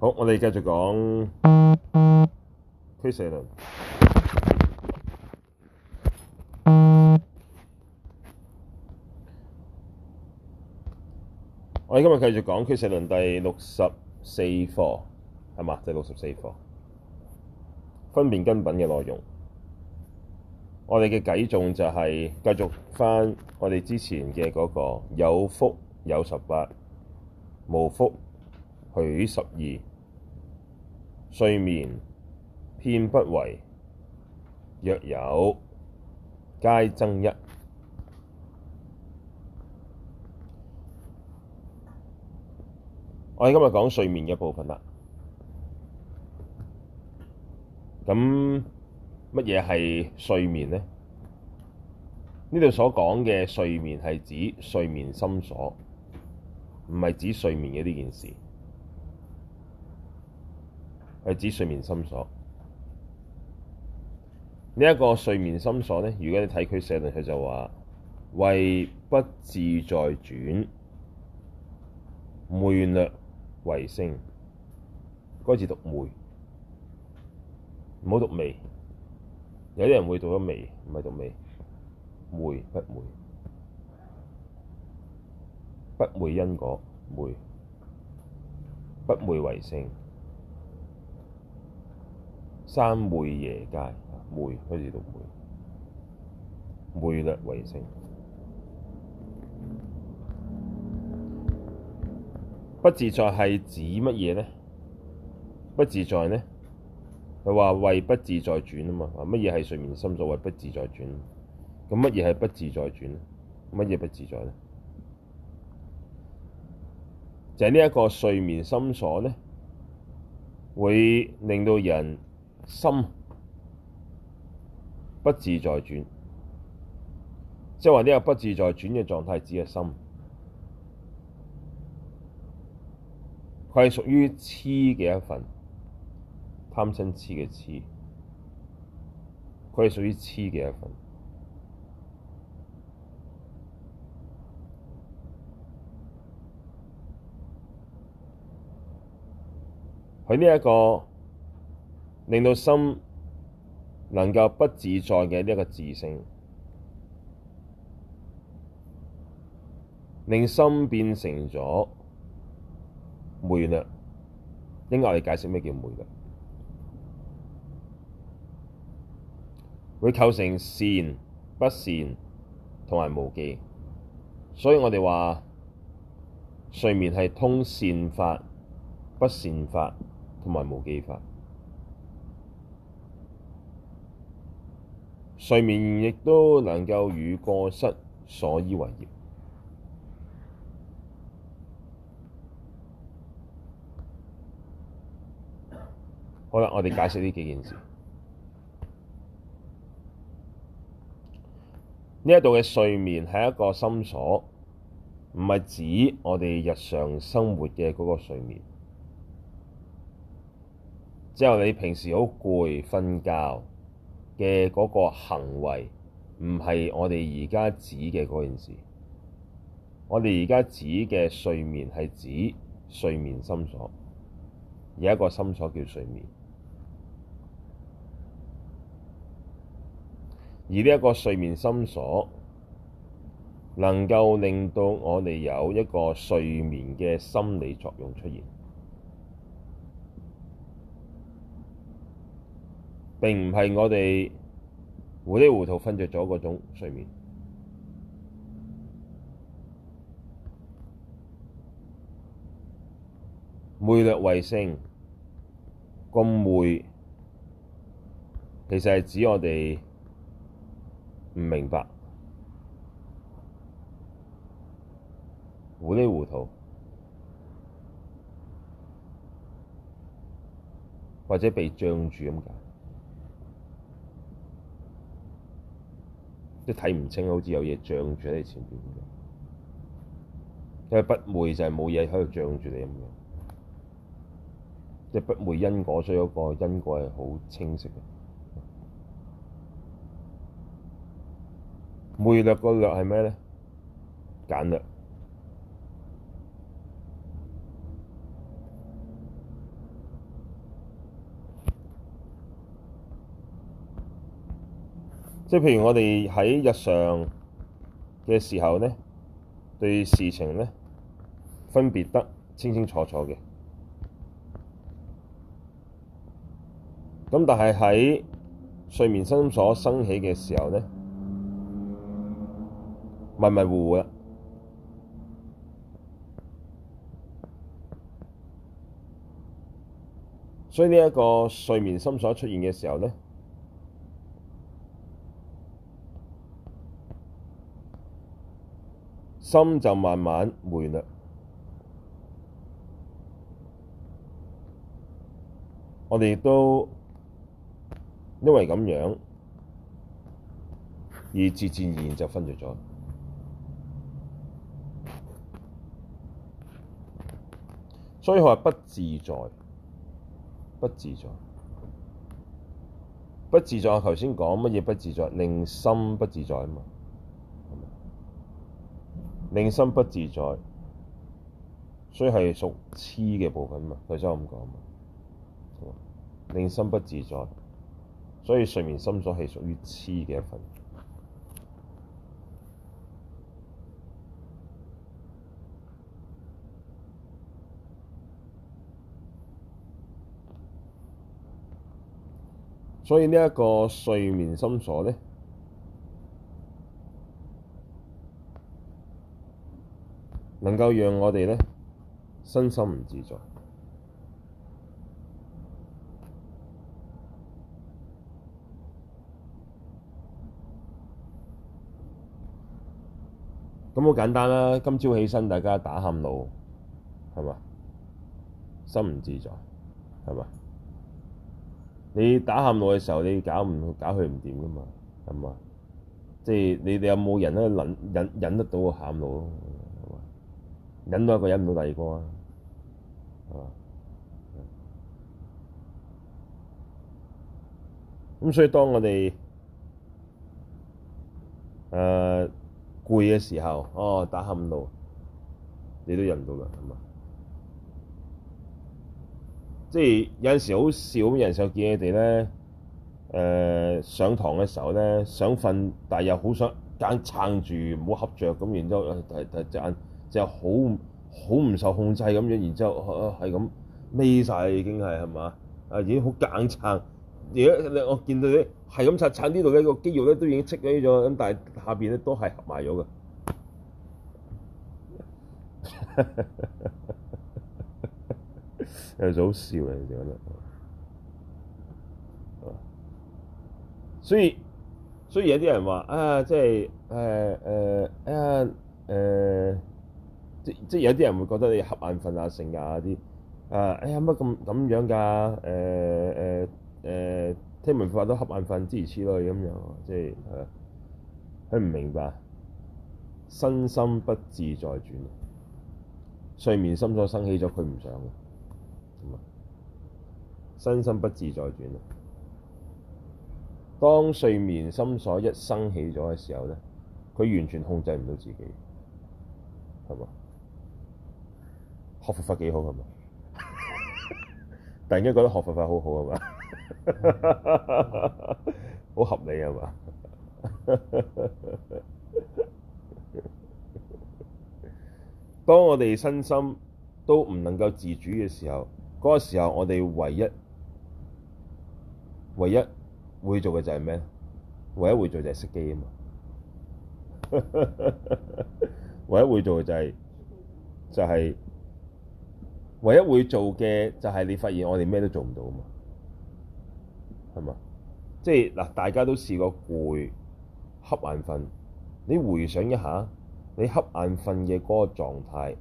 好，我哋繼續講俱舍論。我哋今日繼續講俱舍論第六十四課，係嘛？第六十四課，分別根品嘅內容。我哋嘅偈中就係繼續返我哋之前嘅嗰個有覆有十八，無覆許十二。睡眠遍不違，若有皆增一。我哋今日講睡眠嘅部分啦。咁乜嘢係睡眠呢？呢度所講嘅睡眠係指睡眠心所，唔係指睡眠嘅呢件事。係指睡眠心所。呢、這、一個睡眠心所呢，如果你睇佢寫嘅，佢就話謂不自在轉，昧略為性。嗰個字讀昧，唔好讀微。有啲人會讀咗微，唔係讀微。昧不昧？不昧因果，昧不昧為性。三昧夜街，啊，昧開始讀昧，昧略為性。不自在係指乜嘢呢？不自在呢？佢話謂不自在轉啊嘛。乜嘢係睡眠心所謂不自在轉？咁乜嘢係不自在轉？乜嘢不自在呢？就係呢一個睡眠心所呢，會令到人。心不自在轉，即係話呢個不自在轉嘅狀態，指嘅心，佢係屬於癡嘅一份，貪嗔癡嘅癡，佢係屬於癡嘅一份，佢呢一個。令到心能夠不自在嘅呢個自性，令心變成咗昧略。應該我哋解釋咩叫昧略？會構成善不善同埋無記，所以我哋話睡眠係通善法、不善法同埋無記法。睡眠亦都能夠與過失所依為業。好啦，我哋解釋呢幾件事。呢一度嘅睡眠係一個心所，唔係指我哋日常生活嘅嗰個睡眠，即係你平時好攰瞓覺。嘅嗰個行為唔係我哋而家指嘅嗰件事，我哋而家指嘅睡眠係指睡眠心所，而一個心所叫睡眠，而呢一個睡眠心所能夠令到我哋有一個睡眠嘅心理作用出現。並唔係我哋糊裡糊塗瞓着咗嗰種睡眠魅星。昧略為性，咁昧其實係指我哋唔明白，糊里糊塗，或者被障住咁解。即睇唔清，好似有嘢障住你前面咁樣。因為不昧就係冇嘢喺度障住你咁樣。即係不昧因果、那個，所以嗰個因果係好清晰嘅。昧略個略係咩咧？簡略。即係譬如我哋喺日常嘅時候咧，對事情咧分別得清清楚楚嘅。咁但係喺睡眠心所生起嘅時候咧，迷迷糊糊啦。所以呢一個睡眠心所出現嘅時候咧。心就慢慢昧略，我哋都因為咁樣而自自然然就瞓着咗，所以佢話不自在，不自在，不自在。我頭先講乜嘢不自在，令心不自在啊嘛。令心不自在，所以係屬癡嘅部分嘛。頭先我咁講嘛，令心不自在，所以睡眠心所係屬於癡嘅一份。所以呢一個睡眠心所呢。能夠讓我哋咧身心唔自在，咁好簡單啦。今朝起身，大家打喊路，係嘛，心唔自在係嘛？你打喊路嘅時候，你搞唔搞佢唔掂噶嘛？係咪？即係你哋有冇人咧忍忍忍得到個喊路咯？忍到一個忍唔到第二個，個啊，咁所以當我哋誒攰嘅時候，哦打喊路，你都忍唔到啦，係嘛？即係有陣時好笑，有陣時候見佢哋咧，誒、呃、上堂嘅時候咧想瞓，但係又好想隻眼撐住唔、呃呃呃呃呃、好瞌着。咁然之後誒誒隻眼。呃呃呃呃就好好唔受控制咁樣，然之後係咁孭晒已經係，係嘛啊，已經好硬撐。而家我見到啲係咁擦撐呢度咧，個肌肉咧都已經戚起咗，咁但係下邊咧都係合埋咗嘅。有時好笑啊！你哋覺得，所以所以有啲人話啊，即係誒誒啊誒。啊啊啊啊即係有啲人會覺得你瞌眼瞓、哎、啊、成日啲，啊哎呀乜咁咁樣㗎？誒誒誒，聽聞話都瞌眼瞓之類之類咁樣，即係佢唔明白身心不自在轉，睡眠心所生起咗，佢唔想嘅，咁啊，身心不自在轉啊。當睡眠心所一生起咗嘅時候咧，佢完全控制唔到自己，係嘛？學佛法幾好係嘛？ 突然間覺得學佛法，法好好係嘛？好 合理係嘛？ 當我哋身心都唔能夠自主嘅時候，嗰、那個時候我哋唯一唯一會做嘅就係咩？唯一會做就係熄機啊嘛！唯一會做嘅就係 就係、是。就是唯一會做嘅就係你發現我哋咩都做唔到啊嘛，係嘛？即係嗱，大家都試過攰、瞌眼瞓，你回想一下，你瞌眼瞓嘅嗰個狀態，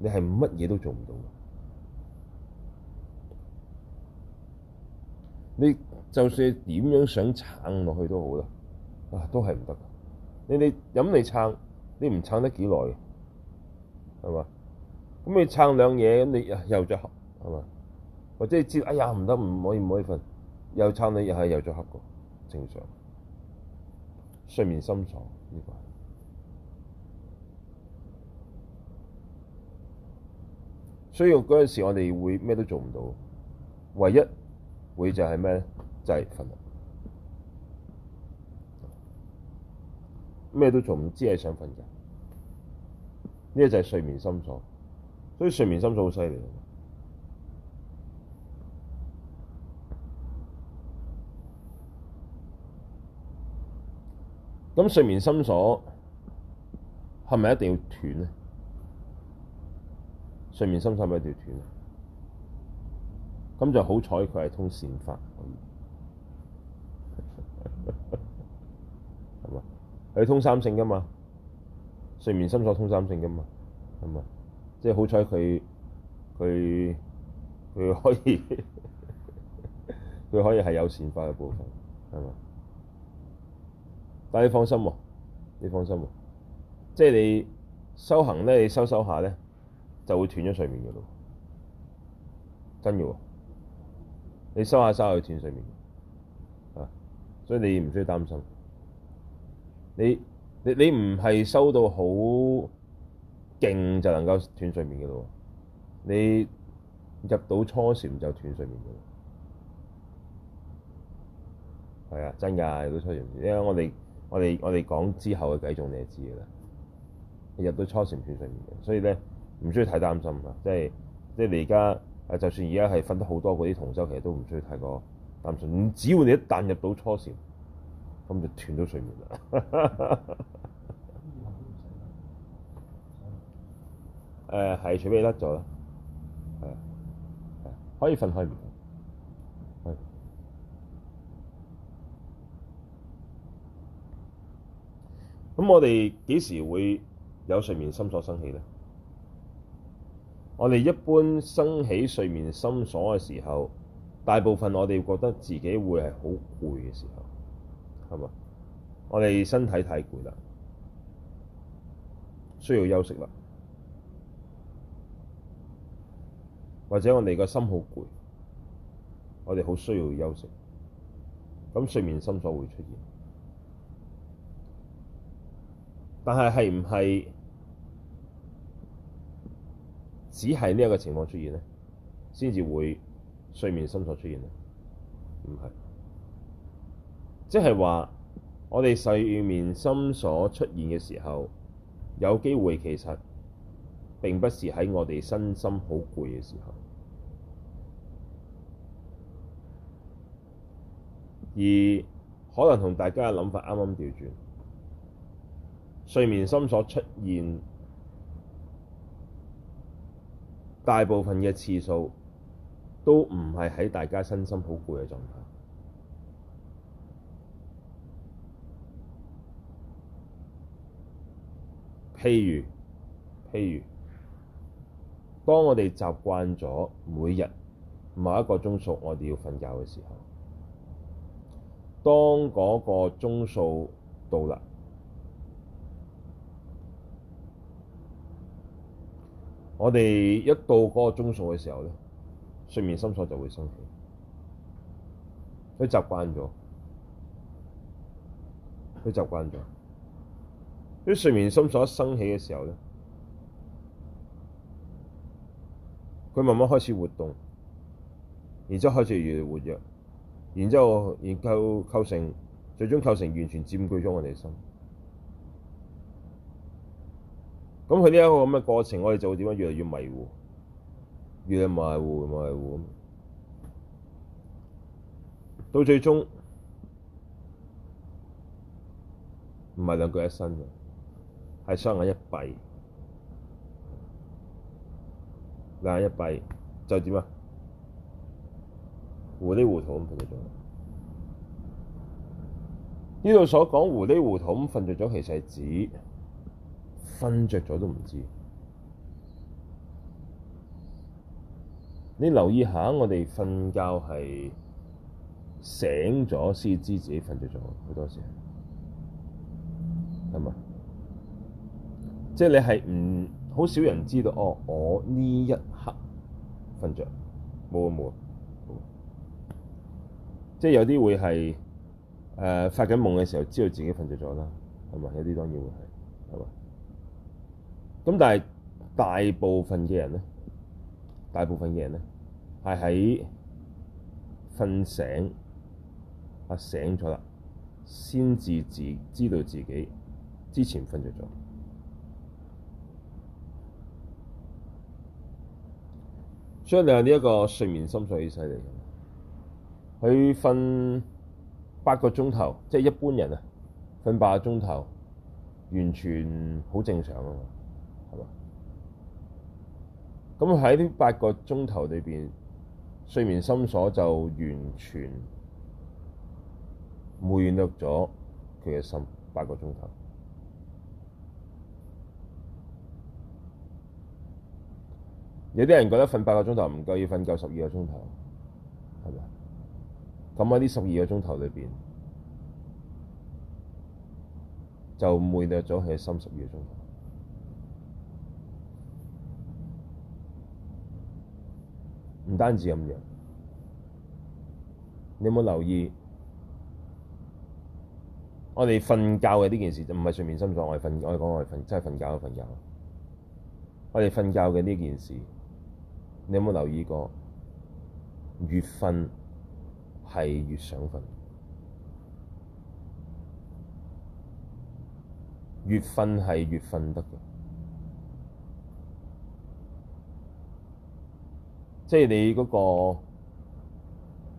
你係乜嘢都做唔到。你就算點樣想撐落去都好啦，啊，都係唔得。你你飲你撐，你唔撐得幾耐？係嘛？咁你撐兩嘢，咁你又又再黑係嘛？或者你知哎呀唔得，唔可以唔可以瞓，又撐你又係又再黑嘅正常睡眠心所呢個。所以嗰陣時我，我哋會咩都做唔到，唯一會就係咩咧？就係、是、瞓。咩都做唔知係想瞓咋，呢、這個、就係睡眠心所。所以睡眠心所好犀利。咁睡眠心所係咪一定要斷呢？睡眠心所咪一定要斷啊！咁就好彩， 佢係通善法咁。佢通三性噶嘛？睡眠心所通三性噶嘛？即係好彩佢佢佢可以佢 可以係有善化嘅部分，係咪？但係你放心喎，你放心喎，即係你修行咧，你修修下咧，就會斷咗睡眠嘅咯，真嘅喎。你修下修下，會斷睡眠啊！所以你唔需要擔心。你你你唔係修到好。勁就能夠斷睡眠嘅咯，你入到初禪就斷睡眠嘅，係啊，真噶，入到初禪，因為我哋我哋我哋講之後嘅幾種你就知噶啦，你入到初禪斷睡眠嘅，所以咧，唔需要太擔心啊，即係即係你而家啊就算而家係瞓得好多嗰啲同修，其實都唔需要太過擔心，只要你一旦入到初禪，咁就斷咗睡眠啦。 誒、呃、係，除非得咗啦，係啊，係啊，可以瞓開眠。咁我哋幾時會有睡眠心所生起咧？我哋一般生起睡眠心所嘅時候，大部分我哋覺得自己會係好攰嘅時候，係嘛？我哋身體太攰啦，需要休息啦。或者我哋個心好攰，我哋好需要休息，咁睡眠心所會出現。但係係唔係只係呢一個情況出現呢？先至會睡眠心所出現呢？唔係，即係話我哋睡眠心所出現嘅時候，有機會其實。並不是喺我哋身心好攰嘅時候，而可能同大家嘅諗法啱啱調轉，睡眠心所出現大部分嘅次數都唔係喺大家身心好攰嘅狀態，譬如譬如。當我哋習慣咗每日某一個鐘數，我哋要瞓覺嘅時候，當嗰個鐘數到啦，我哋一到嗰個鐘數嘅時候咧，睡眠心所就會生起。佢習慣咗，佢習慣咗。啲睡眠心所一生起嘅時候咧。佢慢慢開始活動，然之後開始越嚟越活躍，然之後然後構成，最終構成完全佔據咗我哋嘅心。咁佢呢一個咁嘅過程，我哋就會點樣越嚟越迷糊，越嚟越迷糊，迷糊。到最終唔係兩腳一伸，嘅，係雙眼一閉。眼一閉就點啊，糊里糊塗咁瞓着咗。呢度所講糊里糊塗咁瞓着咗，其實係指瞓着咗都唔知。你留意下，我哋瞓覺係醒咗先知自己瞓着咗，好多時係咪？即係、就是、你係唔好少人知道哦，我呢一。瞓着，冇啊冇啊，即係有啲會係誒、呃、發緊夢嘅時候知道自己瞓着咗啦，係咪？有啲當然會係，係咪？咁但係大部分嘅人咧，大部分嘅人咧係喺瞓醒啊醒咗啦，先至自知道自己之前瞓着咗。所以你話呢一個睡眠心所係犀利嘅，佢瞓八個鐘頭，即係一般人啊，瞓八個鐘頭完全好正常啊嘛，係嘛？咁喺呢八個鐘頭裏邊，睡眠心所就完全昧略咗佢嘅心八個鐘頭。有啲人覺得瞓八個鐘頭唔夠，要瞓夠十二個鐘頭，係咪？咁喺呢十二個鐘頭裏邊，就昧略咗去三十二個鐘頭。唔單止咁樣，你有冇留意我哋瞓覺嘅呢件事？就唔係睡眠深咗，我哋瞓我哋講我哋瞓，真係瞓覺嘅瞓覺。我哋瞓覺嘅呢件事。你有冇留意過？越瞓係越想瞓，越瞓係越瞓得嘅。即係你嗰個，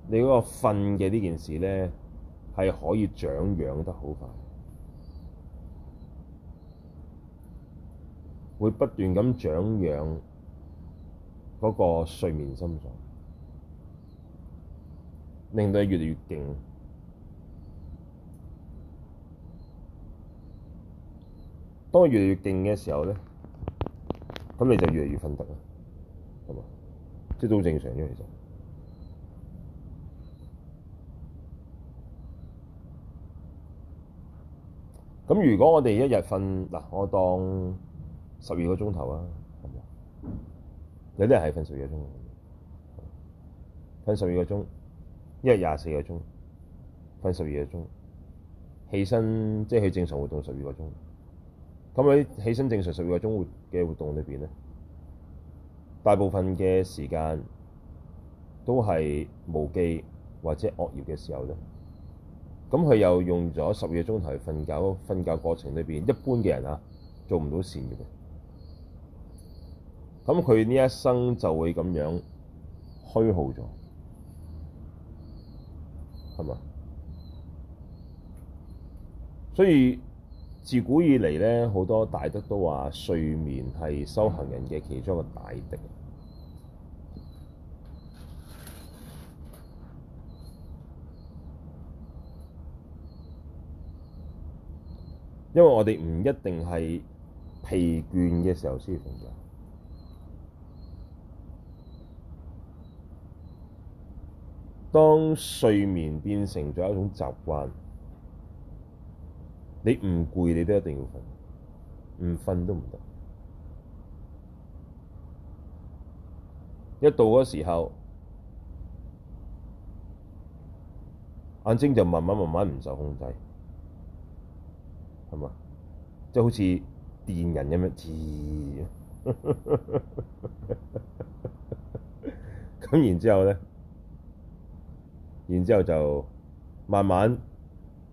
你嗰個瞓嘅呢件事呢，係可以長養得好快，會不斷咁長養。嗰個睡眠心所，令到你越嚟越勁。當越嚟越勁嘅時候咧，咁你就越嚟越瞓得啊，係嘛？即係都正常嘅。其實。咁如果我哋一日瞓嗱，我當十二個鐘頭啊。有啲人係瞓十二個鐘，瞓十二個鐘，一日廿四個鐘，瞓十二個鐘，起身即係去正常活動十二個鐘。咁喺起身正常十二個鐘嘅活動裏邊咧，大部分嘅時間都係無記或者惡業嘅時候啫。咁佢又用咗十二個鐘頭瞓覺，瞓覺過程裏邊，一般嘅人啊，做唔到善嘅。咁佢呢一生就會咁樣虛耗咗，係咪？所以自古以嚟咧，好多大德都話睡眠係修行人嘅其中一個大敵，因為我哋唔一定係疲倦嘅時候先瞓著。當睡眠變成咗一種習慣，你唔攰你都一定要瞓，唔瞓都唔得。一到嗰時候，眼睛就慢慢慢慢唔受控制，係嘛？就好似電人咁樣，咁 然之後咧。然之後就慢慢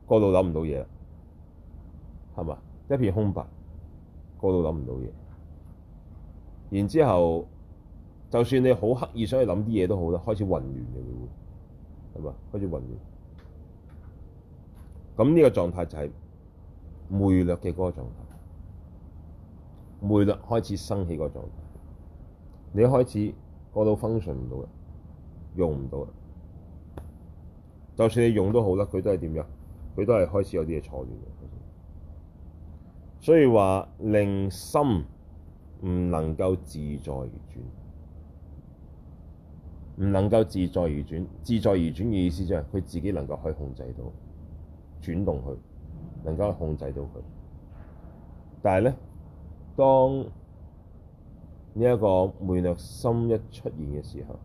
過到諗唔到嘢啦，係嘛？一片空白，過到諗唔到嘢。然之後，就算你好刻意想去諗啲嘢都好啦，開始混亂嘅會，係嘛？開始混亂。咁呢個狀態就係昧略嘅嗰個狀態，昧略開始生起個狀態，你開始過到 function 唔到啦，用唔到啦。就算你用好都好啦，佢都係點樣？佢都係開始有啲嘢錯亂嘅。所以話令心唔能夠自在而轉，唔能夠自在而轉。自在而轉嘅意思就係佢自己能夠去控制到轉動佢，能夠控制到佢。但係咧，當呢一個昧略心一出現嘅時候，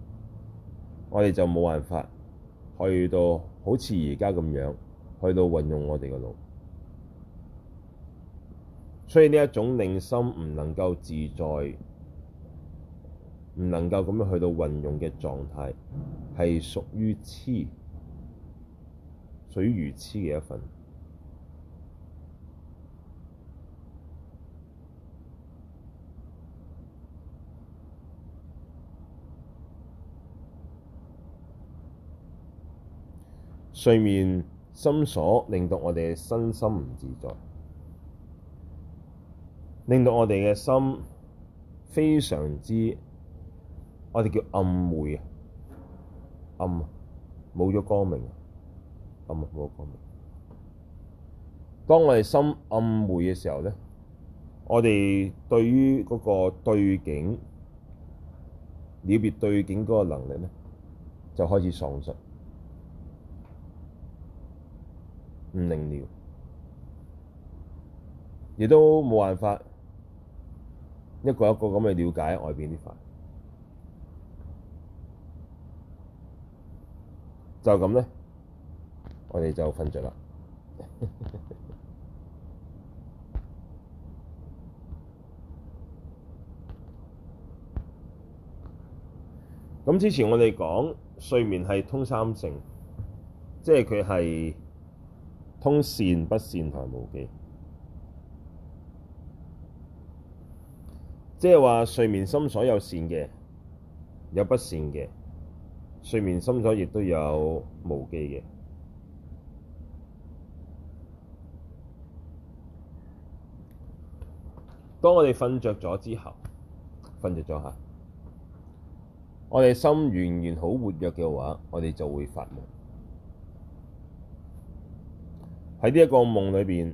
我哋就冇辦法。去到好似而家咁樣，去到運用我哋個腦，所以呢一種令心唔能夠自在，唔能夠咁樣去到運用嘅狀態，係屬於痴，屬於愚痴嘅一份。睡眠心所，令到我哋身心唔自在，令到我哋嘅心非常之，我哋叫暗昧啊，暗冇咗光明啊，暗冇光明。當我哋心暗昧嘅時候咧，我哋對於嗰個對境了別對境嗰個能力咧，就開始喪失。唔明了，亦都冇辦法一個一個咁去了解外面啲嘢，就咁咧，我哋就瞓着啦。咁 之前我哋講睡眠係通三性，即係佢係，通善不善，毫無記。即係話睡眠心所有善嘅，有不善嘅；睡眠心所亦都有無記嘅。當我哋瞓着咗之後，瞓着咗下，我哋心完完好活躍嘅話，我哋就會發夢。喺呢一個夢裏邊，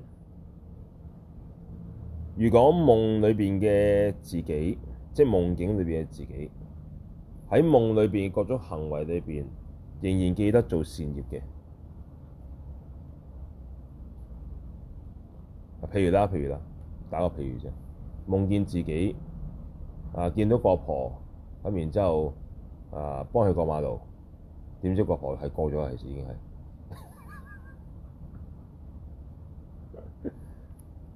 如果夢裏邊嘅自己，即係夢境裏邊嘅自己，喺夢裏邊各種行為裏邊，仍然記得做善業嘅，譬如啦，譬如啦，打個譬如啫，夢見自己啊，見到個婆，咁然之後啊，幫佢過馬路，點知個婆係過咗，係已經係。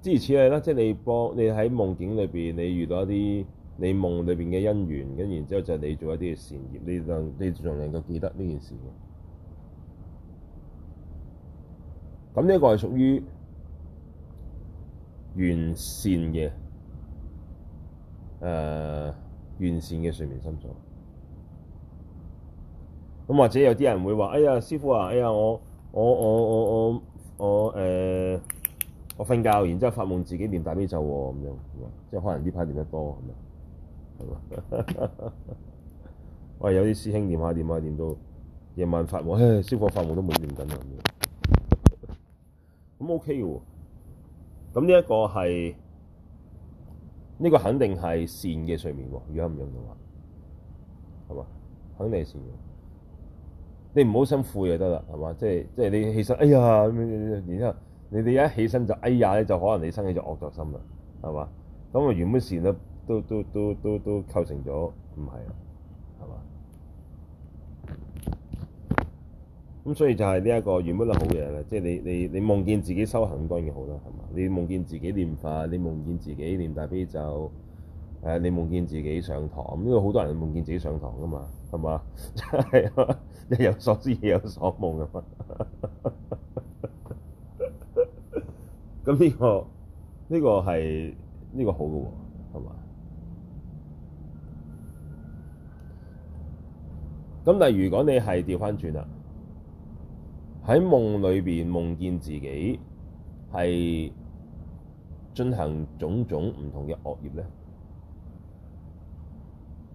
諸如此類啦，即、就、係、是、你幫你喺夢境裏邊，你遇到一啲你夢裏邊嘅恩緣，跟然之後就你做一啲善業，你能你仲能夠記得呢件事嘅。咁呢個係屬於完善嘅，誒、呃、完善嘅睡眠心所。咁或者有啲人會話，哎呀，師傅啊，哎呀，我我我我我我誒。呃我瞓覺，然之後發夢自己練大悲咒咁樣，即係可能呢排練得多咁係嘛？我 有啲師兄練下練下，練到夜晚發夢，唉，燒火發夢都冇練緊啦咁樣。咁 OK 嘅，咁呢一個係呢、這個肯定係善嘅睡眠，如果唔用嘅話，係嘛？肯定係善嘅。你唔好辛苦就得啦，係嘛？即係即係你起身，哎呀，然之後。你哋一起身就哎呀咧，就可能你生起就惡作心啦，係嘛？咁啊原本事都都都都都都構成咗唔係啊，係嘛？咁所以就係呢一個原本係好嘢咧，即係你你你夢見自己修行當然好啦，係嘛？你夢見自己念佛，你夢見自己念大悲咒，誒你夢見自己上堂，呢個好多人夢見自己上堂噶嘛，係嘛？真係啊，日有所思夜有所夢啊嘛～是吧 咁呢、這個呢、這個係呢、這個好嘅，係嘛？咁但係如果你係調翻轉啦，喺夢裏邊夢見自己係進行種種唔同嘅惡業咧，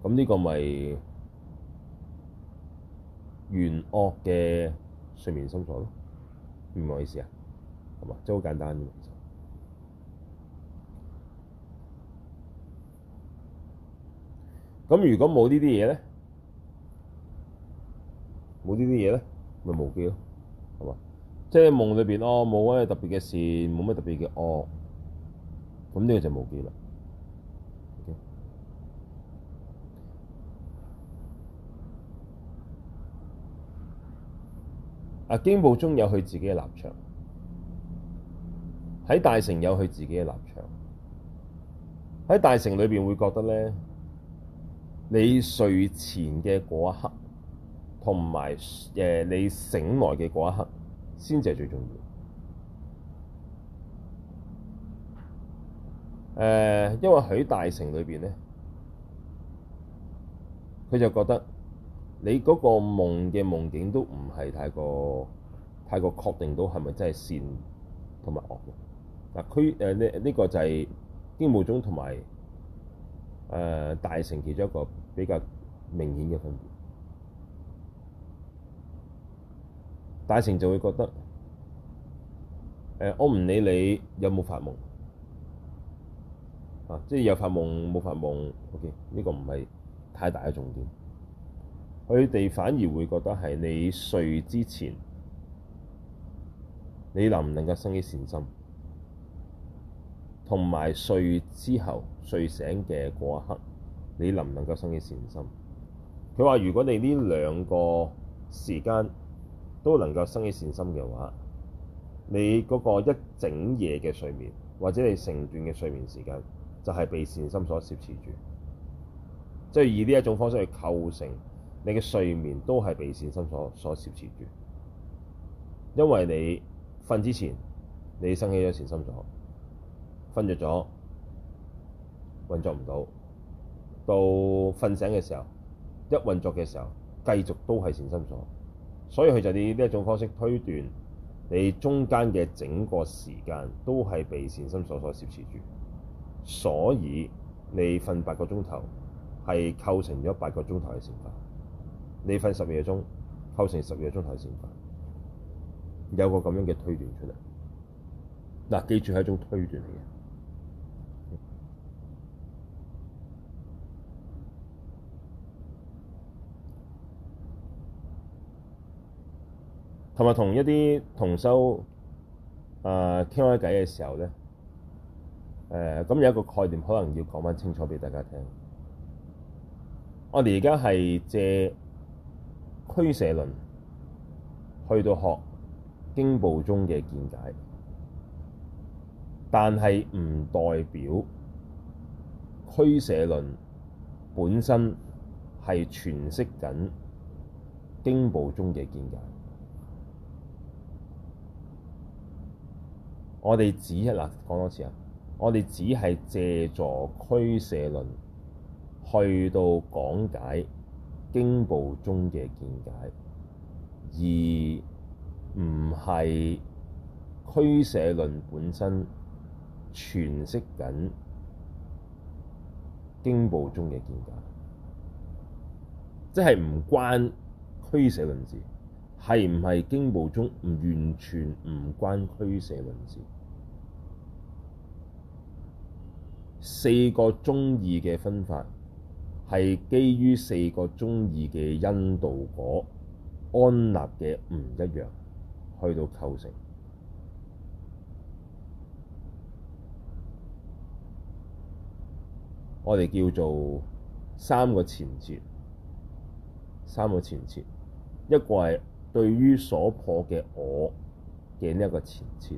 咁呢個咪怨惡嘅睡眠心所咯，唔好意思啊，係嘛，即係好簡單咁如果冇呢啲嘢咧，冇呢啲嘢咧，咪無記咯，係嘛？即、就、係、是、夢裏面哦，冇咩特別嘅事，冇咩特別嘅哦。咁呢個就無記啦。阿、okay。經部中有佢自己嘅立場，喺大乘有佢自己嘅立場，喺大乘裏面會覺得咧。你睡前嘅嗰一刻，同埋誒你醒來嘅嗰一刻，先至係最重要的。誒、呃，因為喺大乘裏邊咧，佢就覺得你嗰個夢嘅夢境都唔係太過太過確定到係咪真係善同埋惡嗱，佢誒呢呢個就係經夢中同埋。呃、大成其中一個比較明顯嘅分別，大成就會覺得，我唔理你有冇發夢，啊啊、發夢，嚇，即係有發夢冇發夢，OK，呢個唔係太大嘅重點。佢哋反而會覺得係你睡之前，你能唔能夠生起善心？同埋睡之後睡醒嘅嗰一刻，你能唔能夠生起善心？佢話：如果你呢兩個時間都能夠生起善心嘅話，你嗰個一整夜嘅睡眠，或者你成段嘅睡眠時間，就係、是、被善心所攝持住。即係以呢一種方式去構成你嘅睡眠，都係被善心所所攝持住。因為你瞓之前，你生起咗善心咗。瞓著咗，運作唔到。到瞓醒嘅時候，一運作嘅時候，繼續都係善心所。所以佢就以呢一種方式推斷，你中間嘅整個時間都係被善心所所攝持住。所以你瞓八個鐘頭，係構成咗八個鐘頭嘅善法。你瞓十二個鐘，構成十二個鐘頭嘅善法。有個咁樣嘅推斷出嚟。嗱，啊，記住係一種推斷嚟嘅。同埋同一啲同修啊，傾開偈嘅時候咧，咁、呃、有一個概念，可能要講翻清楚俾大家聽。我哋而家係借俱舍論去到學經部中嘅見解，但係唔代表俱舍論本身係詮釋緊經部中嘅見解。我哋只係啦，講多次啊！我哋只係借助俱舍論去到講解經部中嘅見解，而唔係俱舍論本身詮釋緊經部中嘅見解，即係唔關俱舍論事，係唔係經部中唔完全唔關俱舍論事。四個宗義嘅分法係基於四個宗義嘅因道果安立嘅唔一樣，去到構成。我哋叫做三個前設，三個前設，一個係對於所破嘅我嘅呢一個前設，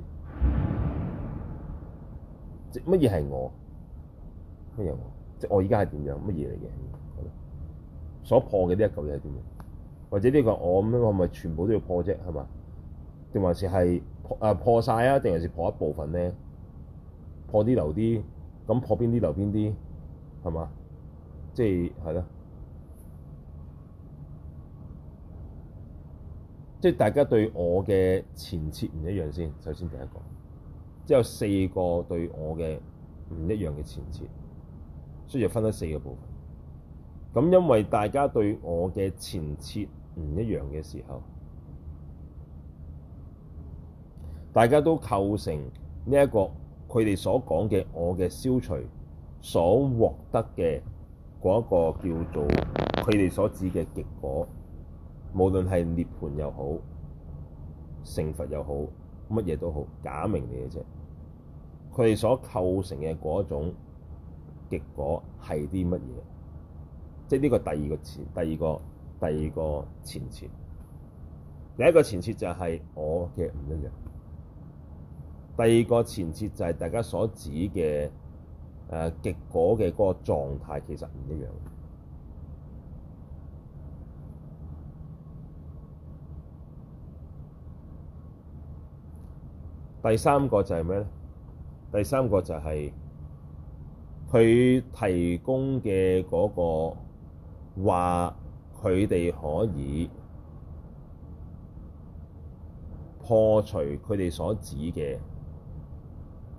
乜嘢係我？乜嘢？即我而家係點樣？乜嘢嚟嘅？所破嘅呢一嚿嘢係點？或者呢個我咁樣，我咪全部都要破啫？係嘛？定還是係破啊？破曬啊？定還是破一部分咧？破啲留啲，咁破邊啲留邊啲係嘛？即係係咯。即、就是就是、大家對我嘅前設唔一樣先。首先第一個，即有四個對我嘅唔一樣嘅前設。所以就分咗四個部分。咁因為大家對我嘅前設唔一樣嘅時候，大家都構成呢一個佢哋所講嘅我嘅消除所獲得嘅嗰一個叫做佢哋所指嘅結果，無論係涅槃又好、成佛又好、乜嘢都好，假名嚟嘅啫。佢哋所構成嘅嗰種。結果係啲乜嘢？即係呢個第二個前，第二個第二個前設。第一個前設就係我嘅唔一樣。第二個前設就係大家所指嘅誒結果嘅嗰個狀態，其實唔一樣。第三個就係咩咧？第三個就係。佢提供嘅嗰個話，佢哋可以破除佢哋所指嘅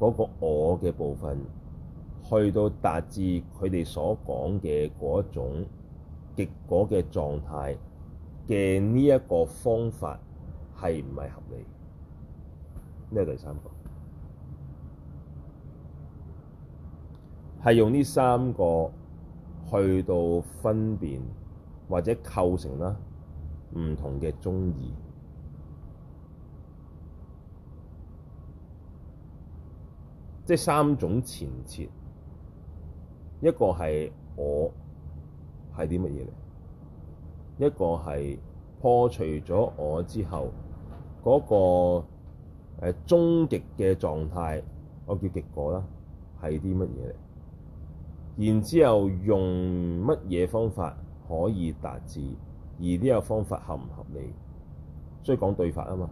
嗰個我嘅部分，去到達至佢哋所講嘅嗰一種結果嘅狀態嘅呢一個方法係唔係合理？呢係第三個？係用呢三個去到分辨或者構成啦，唔同嘅中意，即係三種前設。一個係我，係啲乜嘢嚟？一個係破除咗我之後嗰、那個誒終極嘅狀態，我叫極果啦，係啲乜嘢嚟？然之後用乜嘢方法可以達至？而呢個方法合唔合理？所以講對法啊嘛，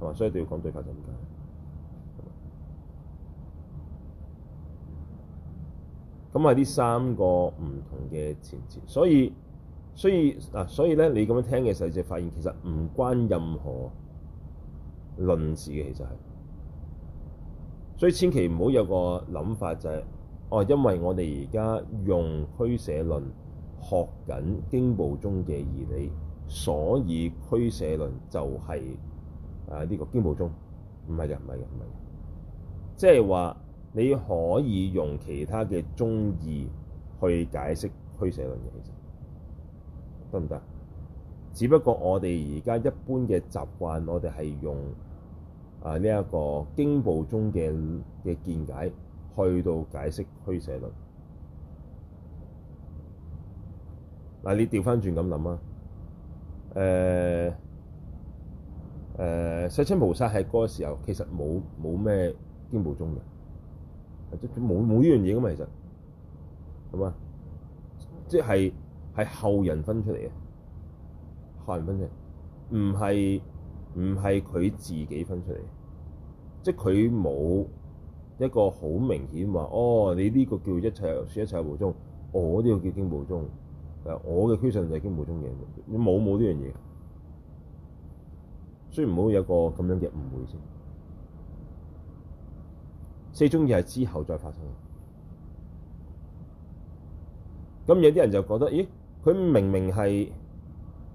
係嘛？所以都要講對法就唔解。咁係呢三個唔同嘅前提，所以所以嗱，所以咧，你咁樣聽嘅時候就發現其實唔關任何論事嘅，其實係。所以千祈唔好有個諗法就係、是。哦，因為我哋而家用俱舍論學緊經部宗嘅義理，所以俱舍論就係、是、啊呢、這個經部宗，唔係嘅，唔係嘅，唔係嘅。即係話你可以用其他嘅宗義去解釋俱舍論嘅，其實得唔得？只不過我哋而家一般嘅習慣，我哋係用啊呢一、這個經部宗嘅嘅見解。去到解釋俱舍論，嗱你調翻轉咁諗啊，誒、啊、世親菩薩喺嗰個時候，其實冇冇咩經部宗嘅，冇冇呢樣嘢噶嘛，其實，即係係後人分出嚟嘅，後人分出，唔係唔係佢自己分出嚟，即係佢冇。一個好明顯話，哦，你呢個叫一切，說一切有宗，我呢個叫經部宗，我嘅趨向就係經部宗嘅，你冇冇呢樣嘢，雖然唔好有個咁樣嘅誤會先。四宗義係之後再發生，咁有啲人就覺得，咦，佢明明係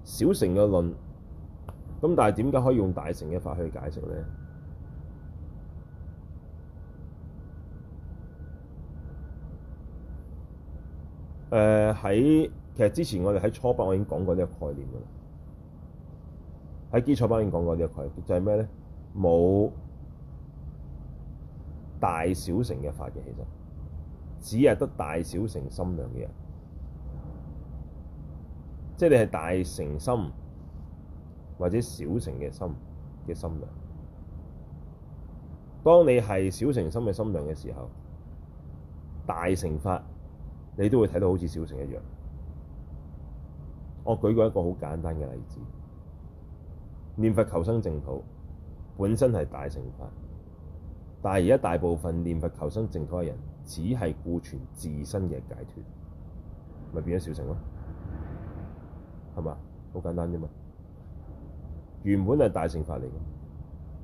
小乘」嘅論，咁但係點解可以用大乘」嘅法去解釋咧？誒、呃、喺其實之前我哋喺初班我已經講過呢個概念㗎喇，喺基礎班已經講過呢個概念，就係咩咧？冇大小乘嘅法嘅，其實只係得大小乘心量嘅人，即，即係你係大乘心或者小乘嘅心嘅心量。當你係小乘心嘅心量嘅時候，大乘法，你都會睇到好似小乘一樣。我舉過一個好簡單嘅例子：念佛求生淨土本身係大乘法，但係而家大部分念佛求生淨土嘅人，只係顧全自身嘅解脱，咪變咗小乘咯？係嘛？好簡單啫嘛。原本係大乘法嚟嘅，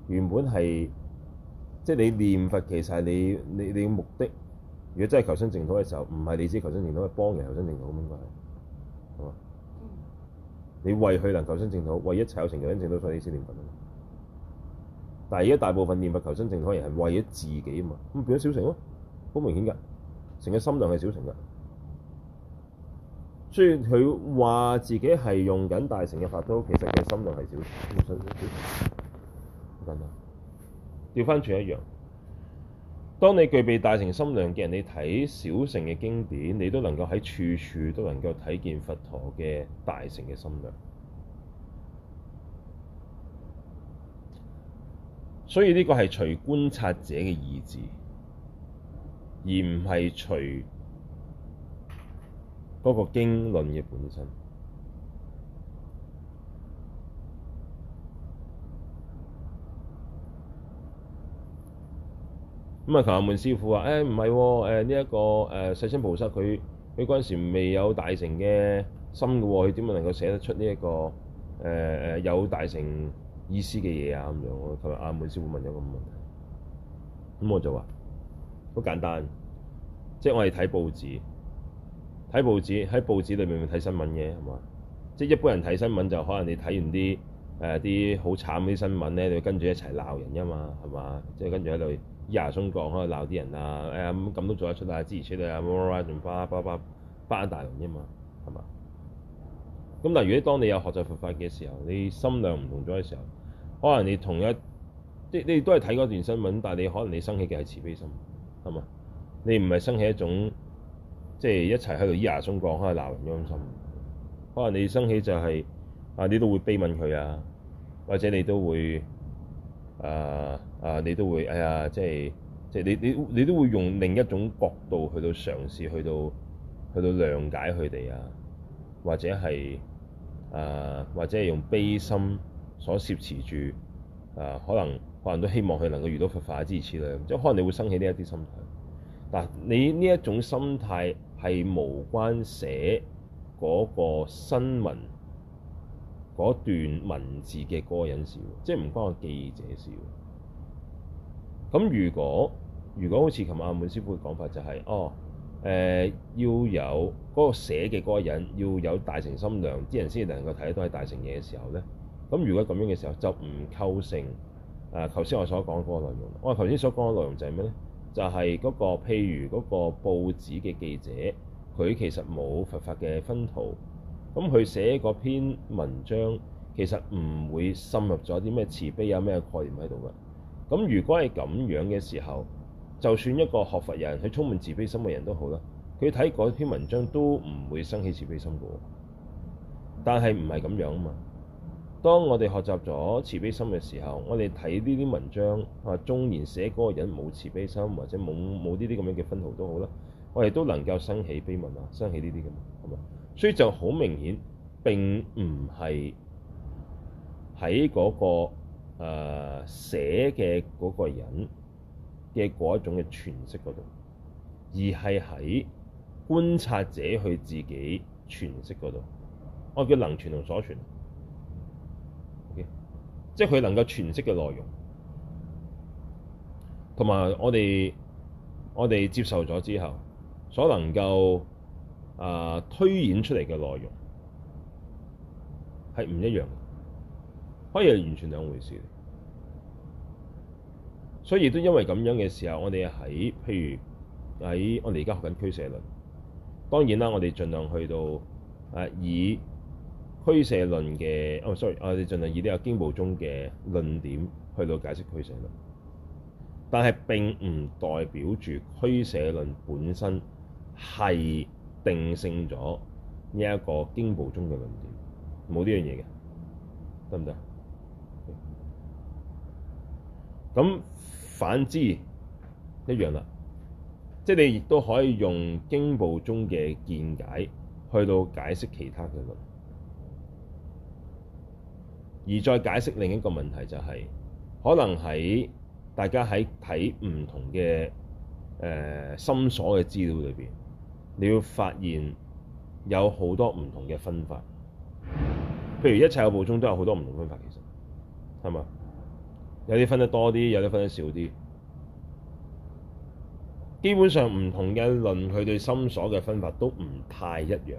原本係即係你念佛其實係你你你嘅目的。如果真係求生淨土嘅時候，唔係你自己求生淨土，係幫人求生淨土咁應該係，係嘛？你為佢能求生淨土，為一切有情求生淨土，所以你先念佛。但係而家大部分念佛求生淨土嘅人係為咗自己啊嘛，咁變咗小乘咯，好明顯㗎，成個心量係小乘㗎。雖然佢話自己係用緊大乘嘅法都，其實佢心量係小乘的。等等，掉翻轉一樣。當你具備大乘心量嘅人，你睇小乘嘅經典，你都能夠喺處處都能夠睇見佛陀嘅大乘嘅心量。所以呢個係隨觀察者嘅意志，而唔係隨嗰個經論嘅本身。咁啊！琴日阿門師傅話：誒唔係，喎、喔。呢、欸、一、這個誒、呃、世親菩薩佢佢嗰陣時未有大乘嘅心嘅，佢點樣能夠寫得出呢、這、一個誒、呃、有大乘意思嘅嘢啊？咁樣我琴日阿門師傅問咗個問題，咁我就話好簡單，即係我哋睇報紙，睇報紙喺報紙裏面睇新聞嘅，係嘛？即係一般人睇新聞就可能你睇完啲誒啲好慘啲新聞咧，你會跟住一齊鬧人㗎嘛，係嘛？即係跟住喺度。一牙松講開鬧啲人啊！誒咁咁都做得出啊！支持出嚟啊！哇哇仲巴巴巴巴喺大輪啫嘛，係嘛？咁但係如果當你有學習佛法嘅時候，你心量唔同咗嘅時候，可能你同一即你都係睇嗰段新聞，但係你可能你生起嘅係慈悲心，係嘛？你唔係生起一種即係、就是、一齊喺度一牙松講開鬧人咁心，可能你生起就係、是、啊，你都會悲憫佢啊，或者你都會。啊啊！你都會哎呀，即係即係你你你都會用另一種角度去到嘗試去到去到諒解佢哋啊，或者係啊，uh, 或者係用悲心所攝持住啊，uh, 可能可能都希望佢能夠遇到佛法嘅支持咧，即係可能你會生起呢一啲心態。但你呢一種心態係無關寫嗰個新聞，嗰段文字嘅個人事，即係唔關個記者事。咁如果如果好似琴日阿滿師傅嘅講法，就是，就係哦、呃，要有嗰個寫嘅個人要有大乘心量，啲人先至能夠睇到係大乘嘢嘅時候咧。咁如果咁樣嘅時候，就唔構成誒頭先我所講嗰個內容。我頭先所講嘅內容就係咩咧？就係、是、嗰、那個譬如嗰個報紙嘅記者，佢其實冇佛法嘅熏陶。咁佢寫嗰篇文章其實唔會深入咗啲咩慈悲呀、咩概念喺度嘅。咁如果係咁樣嘅時候，就算一個學佛人，去充滿慈悲心嘅人都好啦，佢睇嗰篇文章都唔會生起慈悲心喎。但係唔係咁樣啊嘛？當我哋學習咗慈悲心嘅時候，我哋睇呢啲文章啊，縱然寫嗰個人冇慈悲心或者冇冇呢啲咁樣嘅分毫都好啦，我哋都能夠生起悲憫啊，生起呢啲嘅嘛，所以就好明顯，並唔係喺嗰個誒、呃、寫嘅嗰個人嘅嗰一種嘅詮釋嗰度，而係喺觀察者佢自己詮釋嗰度。我叫能詮同所詮。O.K.，即係佢能夠詮釋嘅內容，同埋我哋我哋接受咗之後所能夠。誒、啊、推演出嚟嘅內容係唔一樣的，可以係完全兩回事的。所以都因為咁樣嘅時候，我哋喺譬如喺我哋而家學緊俱舍論，當然啦，我哋盡量去到誒、啊、以俱舍論嘅，哦、啊、sorry，我哋盡量以呢個經部中嘅論點去到解釋俱舍論，但係並唔代表住俱舍論本身係。定性咗呢一個經部中嘅論點，冇呢樣嘢嘅，得唔得？咁反之一樣啦，即係你亦都可以用經部中嘅見解去到解釋其他嘅論，而再解釋另一個問題就係、是，可能喺大家喺睇唔同嘅誒、呃、心所嘅資料裏邊。你要發現有好多唔同嘅分法，譬如一切嘅補充都有好多唔同嘅分法，其實係嘛？有啲分得多啲，有啲分得少啲。基本上唔同嘅論，佢對心所嘅分法都唔太一樣，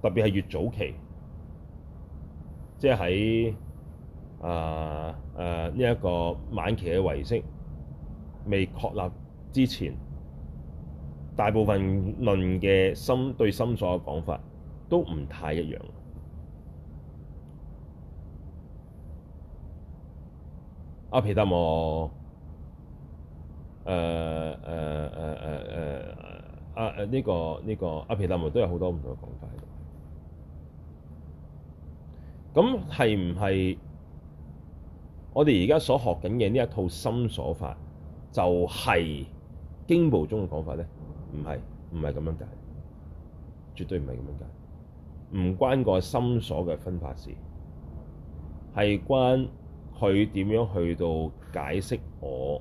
特別係越早期，即係喺啊啊呢一個晚期嘅遺跡未確立之前。大部分論嘅心對心所嘅講法都唔太一樣阿。阿皮達摩，誒誒誒誒誒阿阿呢個呢個阿皮達摩都有好多唔同嘅講法。喺度，咁係唔係我哋而家所學緊嘅呢一套心所法就係經部中嘅講法咧？唔係，唔係咁樣解，絕對唔係咁樣解。唔關個心所嘅分法事，係關佢點樣去到解釋我，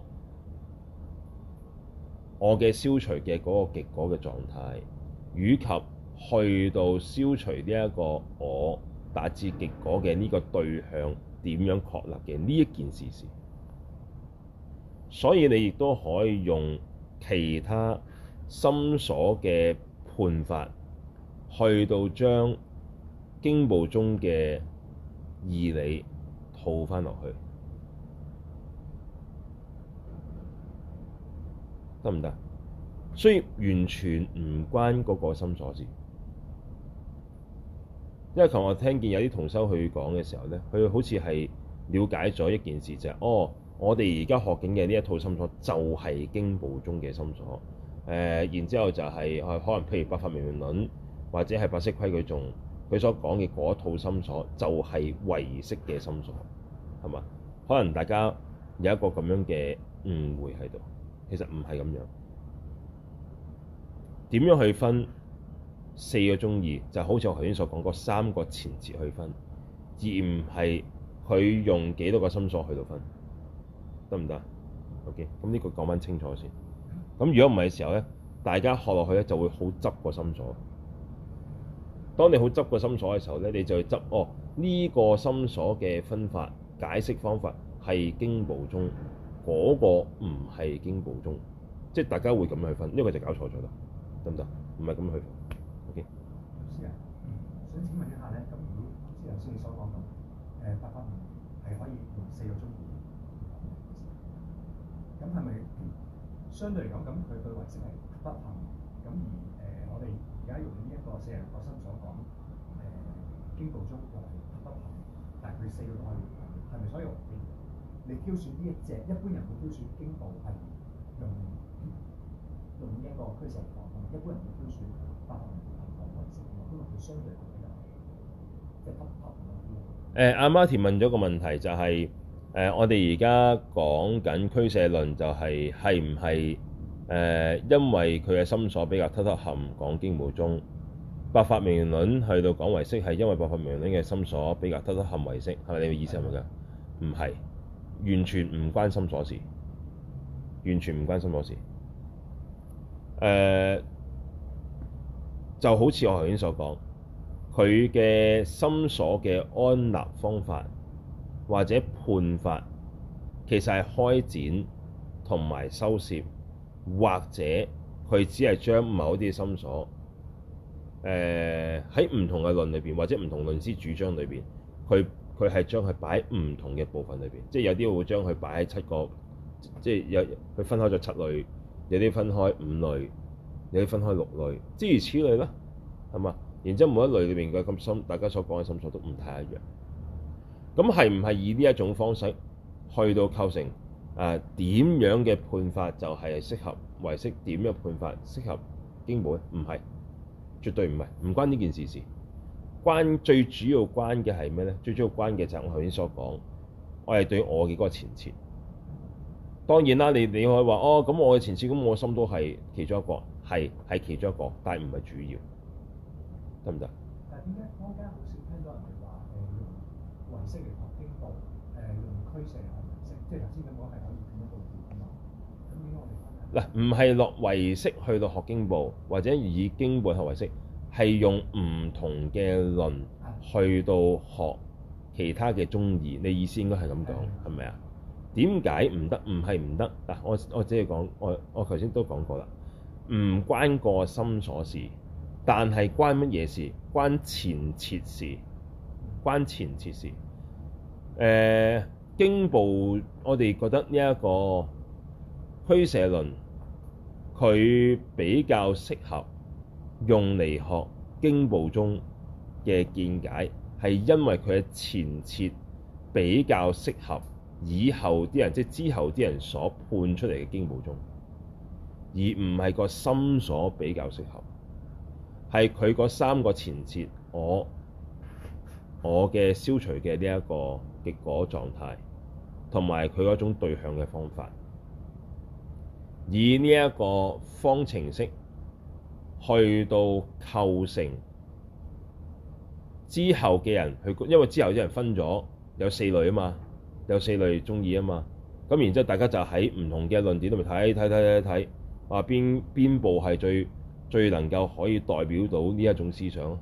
我嘅消除嘅嗰個結果嘅狀態，以及去到消除呢一個我達至結果嘅呢個對象點樣確立嘅呢一件事事。所以你亦都可以用其他。心所嘅判法，去到將經部中嘅義理套翻落去，得唔得？所以完全唔關嗰個心所事。因為琴日我聽見有啲同修去講嘅時候咧，佢好似係了解咗一件事，就係、是、哦，我哋而家學緊嘅呢一套心所就係經部中嘅心所，誒、呃，然之後就係、是、可能，譬如《百法明論》或者係《八識規矩》中，佢所講嘅嗰套心所、所，就係唯識嘅心所，係嘛？可能大家有一個咁樣嘅誤會喺度，其實唔係咁樣。點樣去分四個宗義，就是、好似我頭先所講嗰三個前節去分，而唔係佢用幾多個心所去到分，得唔得？OK，咁呢個講翻清楚先。咁如果唔係嘅時候咧，大家學落去咧就會好執個心所。當你好執個心所嘅時候咧，你就去執哦呢個心所嘅分法、解釋方法係經部中嗰個，唔係經部中，即係大家會咁樣去分，因為就搞錯咗啦，得唔得？唔係咁去分。O.K. 啊，嗯，想請問一下咧，咁如果之先你所講到誒佛法係可以用四個鐘，咁係咪？相對嚟講，咁佢對維生係不平衡。咁而誒，我哋而家用呢、這、一個四十六個心所所講誒、呃、經度中又係不平衡，但係佢四個都可以平衡，係咪？所以我見你挑選呢一隻，一般人會挑選經度係用用一個非常廣泛，一般人挑選平衡同埋維生，咁佢相對比較即係不平衡啲。誒、欸，阿、啊、媽田問咗個問題就係誒、呃，我哋而家講緊俱舍論、就是，就係係唔係誒？因為佢嘅心所比較偷偷含講經無宗，《百法明論》去到講唯識，係因為《百法明論》嘅心所比較偷偷含唯識，係咪你嘅意思係咪㗎？唔係，完全唔關心所事，完全唔關心所事。誒、呃，就好似我頭先所講，佢嘅心所嘅安立方法。或者判法其實係開展同埋收攝，或者佢只係將某啲心所，誒喺唔同嘅論裏邊，或者唔同的論師主張裏邊，佢佢係將佢擺喺唔同嘅部分裏邊，即係有啲會將佢擺喺七個，即係有佢分開咗七類，有啲分開五類，有啲分開六類，諸如此類啦，係嘛？然之後每一類裏邊嘅咁深，大家所講嘅心所都唔太一樣。咁係唔係以呢一種方式去到構成誒點、啊、樣嘅判法就係適合唯識點嘅判法適合經本？唔係，絕對唔係，唔關呢件事事。關最主要關嘅係咩咧？最主要關嘅就係我頭先所講，我係對我嘅嗰個前設。當然啦，你你可以話哦，咁我嘅前設咁我心都係其中一個，係係其中一個，但係唔係主要，得唔得？嗱，唔係落唯識去到學經部，或者已經學完唯識，係用唔同嘅論去到學其他嘅中義。你意思應該係咁講，係咪啊？點解唔得？唔係唔得嗱？我我只係講，我我頭先都講過啦，唔關個心所事，但係關乜嘢事？關前設事，關前設事，誒、呃。經部我哋覺得呢一個俱舍論，佢比較適合用嚟學經部中嘅見解，係因為佢嘅前設比較適合以後啲人，即係之後啲人所判出嚟嘅經部中，而唔係個心所比較適合，係佢個三個前設，我我嘅消除嘅呢一個結果狀態。同埋佢嗰種對向嘅方法，以呢一個方程式去到構成之後嘅人去，因為之後啲人分咗有四類啊嘛，有四類鍾意啊嘛，咁然之後大家就喺唔同嘅論點度睇睇睇睇睇，話邊邊部係最最能夠可以代表到呢一種思想、啊，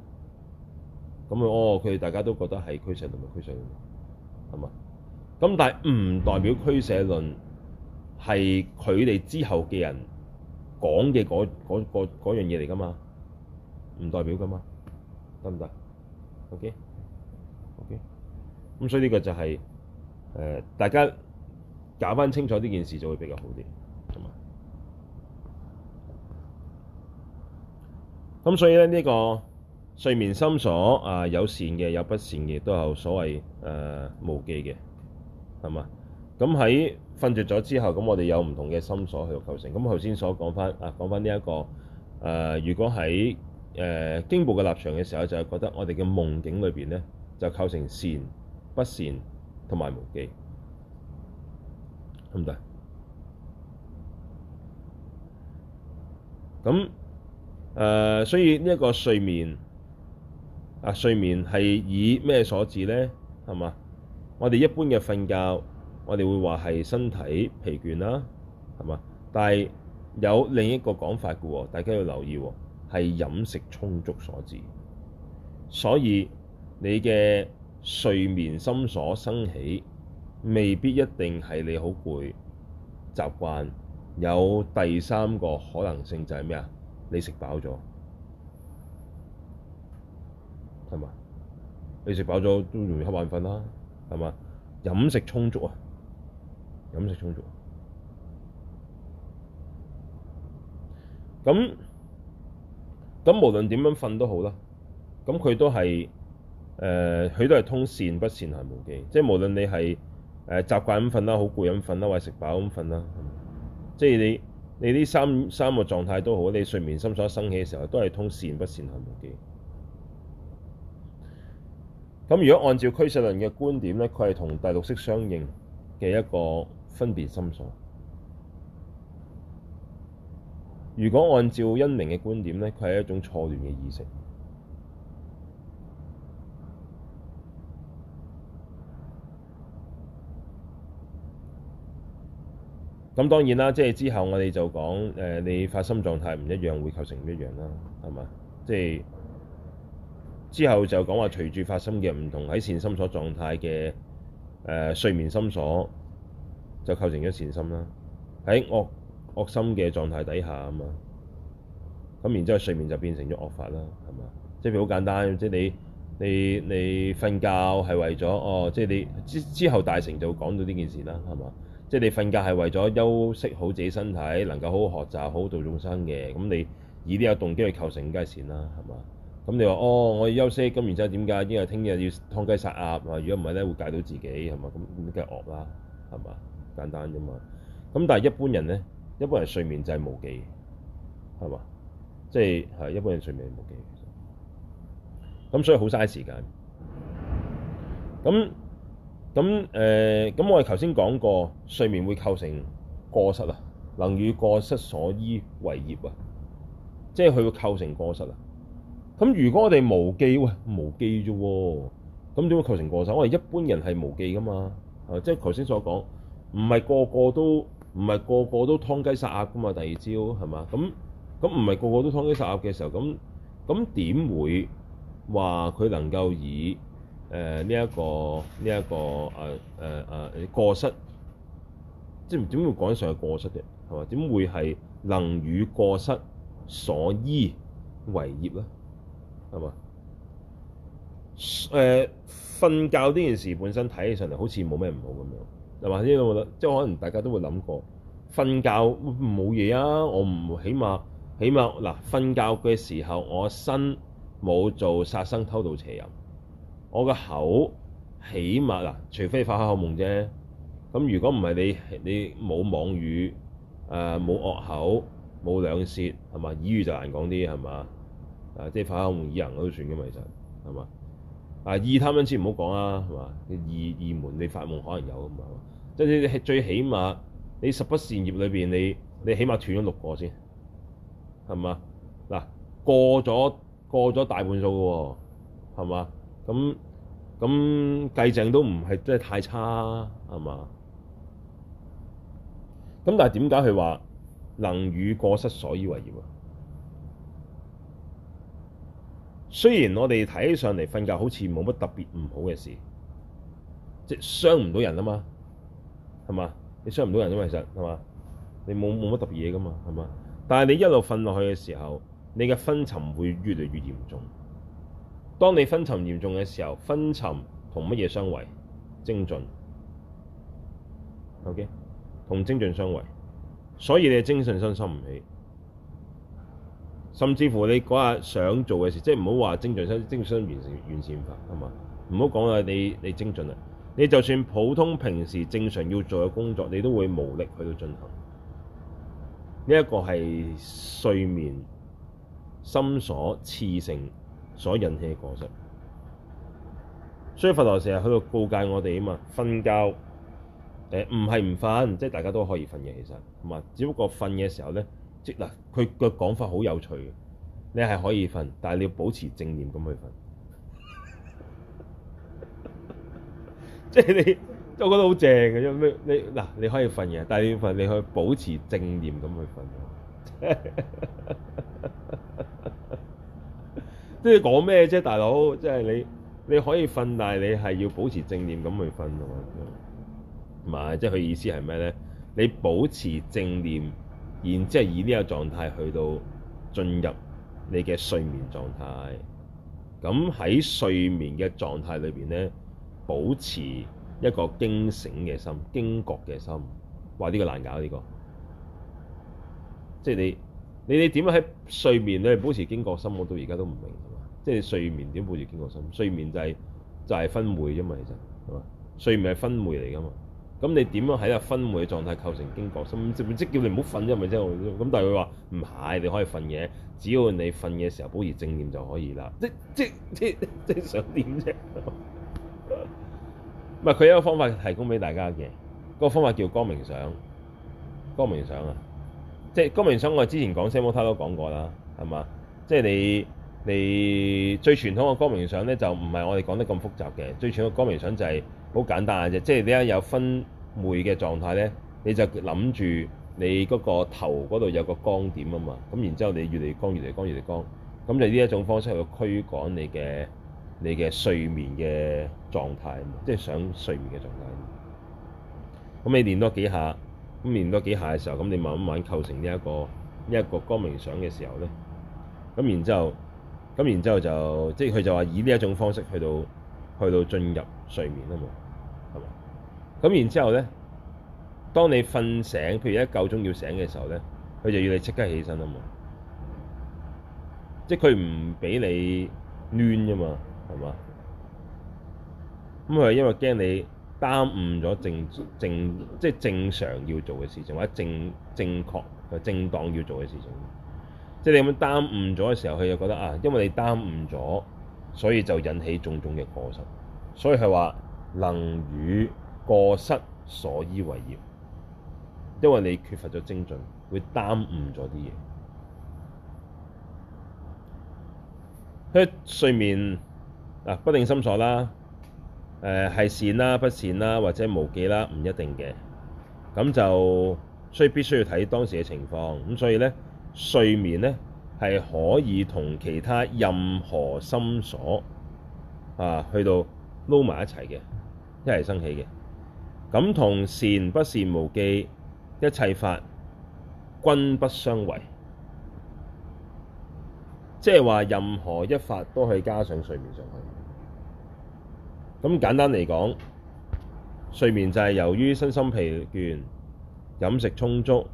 咁啊哦，佢哋大家都覺得係俱舍論同埋俱舍論，係嘛？咁但係唔代表俱舍論係佢哋之後嘅人講嘅嗰嗰嗰樣嘢嚟㗎嘛？唔代表㗎嘛？得唔得？OK OK。咁所以呢個就係、是、誒、呃、大家搞翻清楚呢件事就會比較好啲咁嘛。咁所以咧呢、這個睡眠心所啊、呃，有善嘅，有不善嘅，都有所謂誒、呃、無記嘅。係嘛？咁喺瞓着咗之後，咁我哋有唔同嘅心所去構成。咁頭先所講翻啊，講翻呢一個誒、呃，如果喺誒經部嘅立場嘅時候，就係覺得我哋嘅夢境裏邊咧，就構成善、不善同埋無記。咁唔得？咁誒、呃，所以呢一個睡眠啊，睡眠係以咩所致咧？係嘛？我哋一般嘅瞓覺，我哋會話係身體疲倦啦，係嘛？但係有另一個講法嘅，大家要留意，係飲食充足所致。所以你嘅睡眠心所生起，未必一定係你好攰、習慣，有第三個可能性就係咩啊？你食飽咗，係嘛？你食飽咗都容易瞌眼瞓啦。係嘛？飲食充足啊，飲食充足，啊。咁咁，那無論點樣瞓都好啦。咁佢都係誒，佢、呃、都係通善不善行無記。即係無論你係誒習慣咁瞓啦，好攰咁瞓啦，或者食飽咁瞓啦，即係你你呢三三個狀態都好。你睡眠心所生起嘅時候，都係通善不善行無記。咁如果按照俱舍論嘅觀點咧，佢係同第六識相應嘅一個分別心所。如果按照因明嘅觀點咧，佢係一種錯亂嘅意識。咁當然啦，即係之後我哋就講誒，你發心狀態唔一樣，會構成唔一樣啦，係嘛？即係。之後就講話，隨住發心嘅唔同，喺善心所狀態嘅誒、呃、睡眠心所，就構成咗善心啦。喺惡惡心嘅狀態底下啊嘛，咁然之後睡眠就變成咗惡法啦，係嘛？即係好簡單，即係你你你瞓覺係為咗哦，即係你之之後大成就講到呢件事啦，係嘛？即係你瞓覺係為咗休息好自己身體，能夠好好學習，好好度眾生嘅，咁你以呢個動機去構成梗係善啦，係嘛？咁你話哦，我要休息，咁然之後點解？因為聽日要劏雞殺鴨，如果唔係咧，會戒到自己係嘛？咁咁梗係惡啦，係嘛？簡單啫嘛。咁但係一般人咧，一般人睡眠就係無記嘅，係嘛？即係、就是、一般人睡眠係無記嘅。咁所以好嘥時間。咁咁誒，咁、呃、我哋頭先講過，睡眠會構成過失啊，能與過失所依為業啊，即係佢會構成過失啊。咁如果我哋無記喂無記喎？咁點會構成過失？我哋一般人係無記㗎嘛，即係頭先所講，唔係個個都唔係個個都劏雞殺鴨㗎嘛。第二招係咪？咁唔係個個都劏雞殺鴨嘅時候，咁點會話佢能夠以誒呢一個呢一個誒誒誒過失，即係點會講上係過失嘅係咪？點會係能與過失所依為業呢？係嘛？誒、呃，瞓覺呢件事本身睇起上嚟好似冇咩唔好咁樣，係嘛？因為我覺得即係可能大家都會諗過，瞓覺冇嘢啊！我唔起碼起碼嗱，瞓、呃、覺嘅時候我身冇做殺生偷盜邪淫，我個口起碼嗱、呃，除非發開口夢啫。咁如果唔係你你冇妄語冇惡、呃、口，冇兩舌，係嘛？綺語就難講啲，係嘛？啊，即係發夢以行嗰都算嘅嘛，其實係嘛？啊，二貪先唔好講啊，係嘛？二二門你發夢可能有，唔係嘛？即係你最起碼你十不善業裏面，你你起碼斷咗六個先，係嘛？嗱、啊，過咗過咗大半數嘅喎、啊，係嘛？咁咁計淨都唔係真係太差、啊，係嘛？咁但係點解佢話能與過失所依為業啊？雖然我哋睇起上嚟瞓覺好似冇乜特別唔好嘅事，即係傷唔到人啦嘛，係嘛？你傷唔到人啦嘛，其實係嘛？你冇冇乜特別嘢噶嘛，係嘛？但係你一路瞓落去嘅時候，你嘅昏沈會越嚟越嚴重。當你昏沈嚴重嘅時候，昏沈同乜嘢相違？精進，OK，同精進相違，所以你嘅精進心生唔起。甚至乎你嗰日想做嘅事，即係唔好話精進、精精進完善、完善法，係嘛？唔好講話你你精進啊！你就算普通平時正常要做嘅工作，你都會無力去到進行。呢一個係睡眠、心所次性所引起嘅過失。所以佛陀成日去到告誡我哋啊嘛，瞓覺誒唔係唔瞓，即係大家都可以瞓嘅，其實係嘛？只不過瞓嘅時候咧。嗱，佢嘅講法好有趣嘅，你係可以瞓，但係你要保持正念咁去瞓。即係你，我覺得好正嘅啫。咩？你嗱，你可以瞓嘅，但係你要瞓，你可以保持正念咁去瞓。即係講咩啫，大佬？即係你，你可以瞓，但係你係要保持正念咁去瞓。同埋，即係佢意思係咩咧？你保持正念。然之後以呢個狀態去到進入你嘅睡眠狀態，咁喺睡眠嘅狀態裏邊咧，保持一個驚醒嘅心、驚覺嘅心，話呢、這個難搞，呢、這個即係你你你點樣喺睡眠咧保持驚覺心？我到而家都唔明白，即係你睡眠點保持驚覺心？睡眠就係、是、就係昏睡啫嘛，其實係嘛？睡眠係昏睡嚟噶嘛？咁你點樣喺個分會嘅狀態構成經過心？即係叫你唔好瞓啫，咪啫？咁但係佢話唔係，你可以瞓嘢，只要你瞓嘅時候保持正念就可以啦。即即即即,即想點啫？唔係佢有一個方法提供俾大家嘅，個方法叫光明想。光明想啊，即係光明想。我之前講 s a m 都講過啦，係嘛？即係你你最傳統嘅光明想咧，就唔係我哋講得咁複雜嘅。最傳統嘅光明想就係、是。好簡單嘅啫，即係你一有分眉嘅狀態咧，你就諗住你嗰個頭嗰度有個光點啊嘛。咁然之後，你越嚟越光，越嚟越光，越嚟越光，咁就呢一種方式去驅趕你嘅你嘅睡眠嘅狀態啊嘛，即係想睡眠嘅狀態。咁你練多幾下，咁練多幾下嘅時候，咁你慢慢慢構成呢一個呢一個光明想嘅時候咧，咁然之後咁然之後就即係佢就話以呢一種方式去到去到進入。睡眠啊嘛，係嘛？咁然之後咧，當你瞓醒，譬如一夠鐘要醒嘅時候咧，佢就要你即刻起身啊嘛。即係佢唔俾你攣啫嘛，係嘛？咁佢係因為驚你耽誤咗正正，正即係正常要做嘅事情，或者正正確正當要做嘅事情。即係你咁樣耽誤咗嘅時候，佢就覺得啊，因為你耽誤咗，所以就引起種種嘅過失。所以係話能與過失所依為業，因為你缺乏咗精進，會耽誤咗啲嘢。睡眠不定心所啦，誒係善啦、不善啦，或者無記啦，唔一定嘅。咁就所以必須要睇當時嘅情況。咁所以咧，睡眠咧係可以同其他任何心所啊去到。撈埋一齊嘅，一齊生起嘅，咁同善、不善、無記，一切法均不相違，即係話任何一法都可以加上睡眠上去。咁簡單嚟講，睡眠就係由於身心疲倦、飲食充足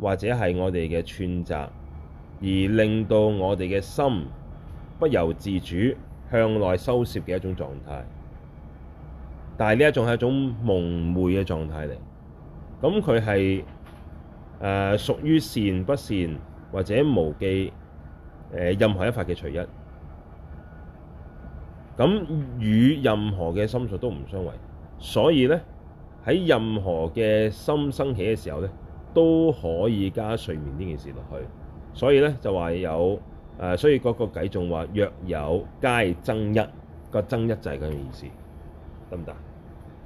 或者係我哋嘅串雜，而令到我哋嘅心不由自主向內收攝嘅一種狀態。但係呢一種係一種蒙昧嘅狀態嚟，咁佢係誒屬於善不善或者無記誒、呃、任何一法嘅隨一，咁與任何嘅心所都唔相違，所以咧喺任何嘅心生起嘅時候咧都可以加睡眠呢件事落去所呢、呃，所以咧就話有誒，所以嗰個偈仲話若有皆增一，個增一就係咁嘅意思，得唔得？